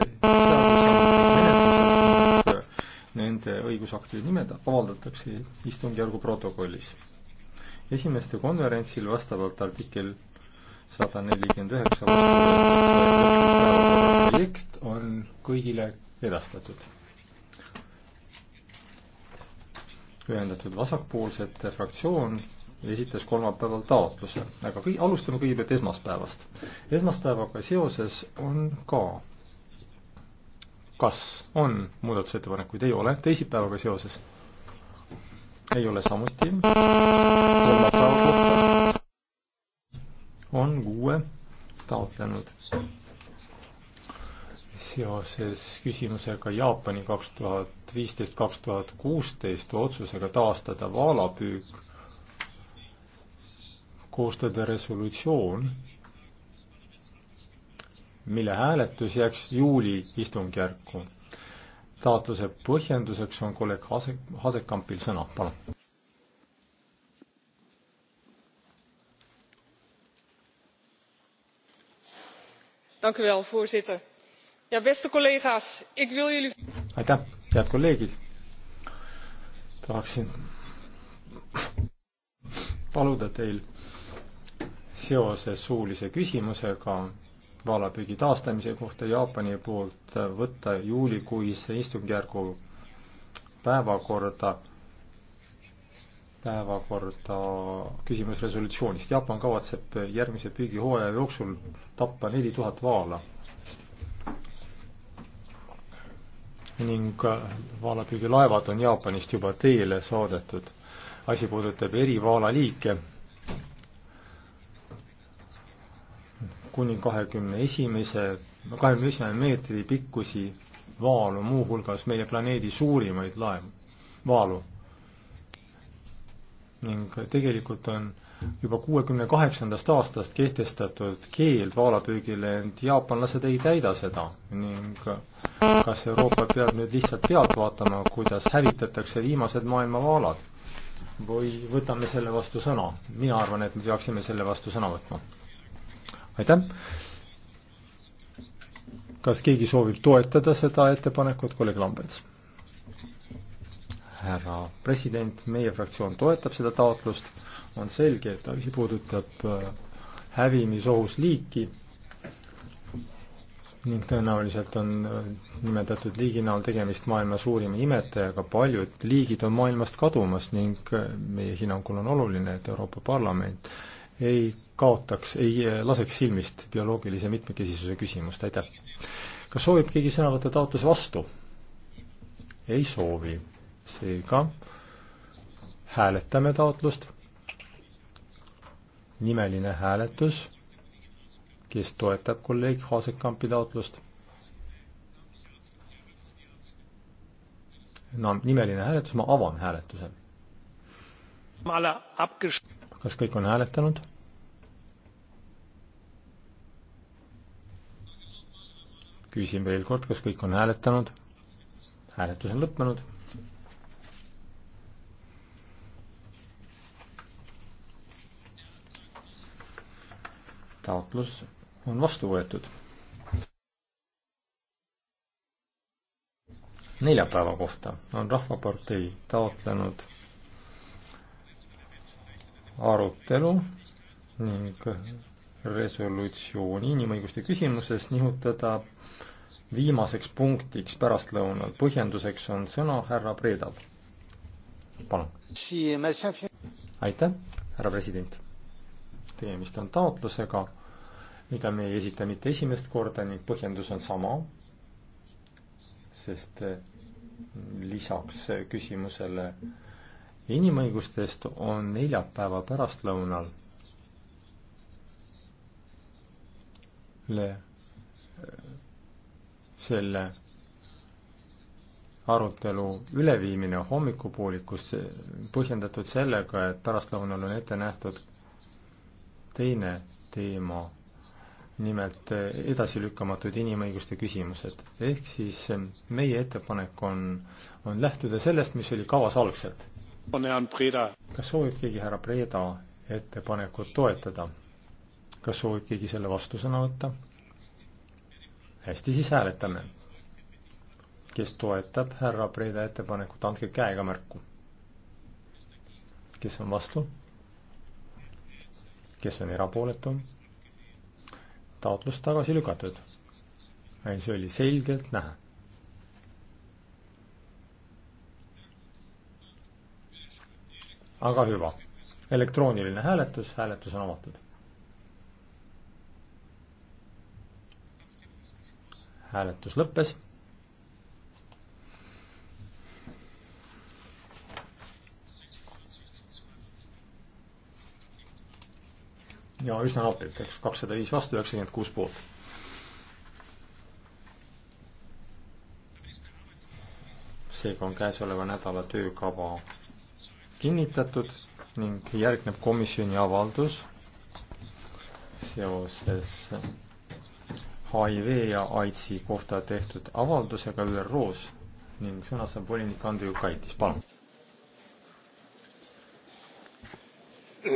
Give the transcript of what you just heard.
menetluses nende õigusaktide nimed avaldatakse istungjärgu protokollis. esimeste konverentsil vastavalt artikkel sada nelikümmend üheksa projekt on kõigile edastatud. ühendatud vasakpoolsete fraktsioon esitas kolmapäeval taotluse, aga kõi-, alustame kõigepealt esmaspäevast. esmaspäevaga seoses on ka kas on muudatusettepanekuid, ei ole, teisipäevaga seoses? ei ole samuti. kolmapäeva kohta on kuue taotlenud seoses küsimusega Jaapani kaks tuhat viisteist, kaks tuhat kuusteist otsusega taastada vaalapüük, koostada resolutsioon mille hääletus jääks juuli istungjärku. taotluse põhjenduseks on kolleeg Hase-, Hasekampil sõna, palun. aitäh, head kolleegid. tahaksin paluda teil seoses suulise küsimusega vaalapüügi taastamise kohta Jaapani poolt võtta juulikuise istungjärgu päevakorda, päevakorda küsimus resolutsioonist. Jaapan kavatseb järgmise püügihooaja jooksul tappa neli tuhat vaala. ning vaalapüügilaevad on Jaapanist juba teele saadetud. asi puudutab eri vaalaliike kuni kahekümne esimese, kahekümne esimene meetri pikkusi vaalu, muuhulgas meie planeedi suurimaid laevu, vaalu. ning tegelikult on juba kuuekümne kaheksandast aastast kehtestatud keeld vaalapüügile, ent jaapanlased ei täida seda ning kas Euroopa peab nüüd lihtsalt pealt vaatama, kuidas hävitatakse viimased maailma vaalad? või võtame selle vastu sõna? mina arvan, et me peaksime selle vastu sõna võtma aitäh! kas keegi soovib toetada seda ettepanekut, kolleeg Lambets? härra president, meie fraktsioon toetab seda taotlust, on selge, et asi puudutab äh, hävimisohus liiki ning tõenäoliselt on äh, nimetatud liigi näol tegemist maailma suurima imetajaga, paljud liigid on maailmast kadumas ning äh, meie hinnangul on oluline, et Euroopa Parlament ei kaotaks, ei eh, laseks silmist bioloogilise mitmekesisuse küsimust, aitäh. kas soovib keegi sõna võtta taotluse vastu? ei soovi, seega hääletame taotlust. nimeline hääletus, kes toetab kolleeg Haasekampi taotlust. no nimeline hääletus, ma avan hääletuse kas kõik on hääletanud? küsin veel kord, kas kõik on hääletanud? hääletus on lõppenud. taotlus on vastu võetud. neljapäeva kohta on Rahvapartei taotlenud arutelu ning resolutsiooni inimõiguste küsimuses nihutada viimaseks punktiks pärastlõunal. põhjenduseks on sõna härra Predal. palun. aitäh, härra president. tegemist on taotlusega, mida me ei esita mitte esimest korda ning põhjendus on sama, sest lisaks küsimusele äh, inimõigustest on neljapäeva pärastlõunal le, selle arutelu üleviimine hommikupoolikusse põhjendatud sellega, et pärastlõunal on ette nähtud teine teema, nimelt edasilükkamatud inimõiguste küsimused. ehk siis meie ettepanek on, on lähtuda sellest, mis oli kavas algselt kas soovib keegi härra Preda ettepanekut toetada? kas soovib keegi selle vastu sõna võtta? hästi, siis hääletame. kes toetab härra Preda ettepanekut, andke käega märku. kes on vastu? kes on erapooletu? taotlus tagasi lükatud. ei, see oli selgelt näha aga hüva. elektrooniline hääletus, hääletus on avatud. hääletus lõppes. ja üsna napilt, eks, kakssada viis vastu, üheksakümmend kuus poolt seega on käesoleva nädala töökava kinnitatud ning järgneb komisjoni avaldus seoses HIV ja AIDSi kohta tehtud avaldusega ÜRO-s ning sõna saab volinik Andriukaitis, palun.